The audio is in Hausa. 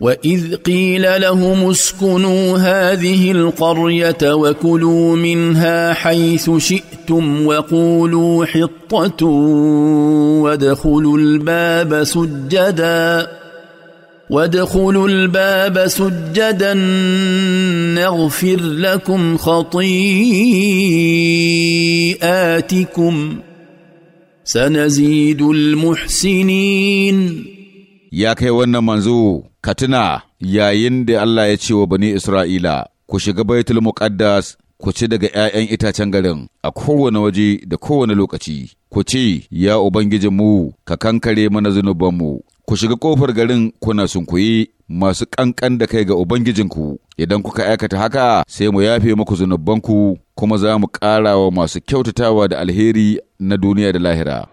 واذ قيل لهم اسكنوا هذه القريه وكلوا منها حيث شئتم وقولوا حطه وادخلوا الباب سجدا وادخلوا الباب سجدا نغفر لكم خطيئاتكم سنزيد المحسنين Ya kai wannan manzo, ka tuna yayin da Allah ya ce wa bani Isra'ila, ku shiga baitul muqaddas ku ci daga ’ya'yan itacen garin a kowane waje da kowane lokaci, ku ce, Ya Ubangijinmu, ka kankare mana zunubanmu, ku shiga ƙofar garin kuna sunkuyi masu ƙanƙan da kai ga Ubangijinku, idan kuka aikata haka sai mu yafe muku zunubanku kuma za mu ƙara masu kyautatawa da alheri na duniya da lahira.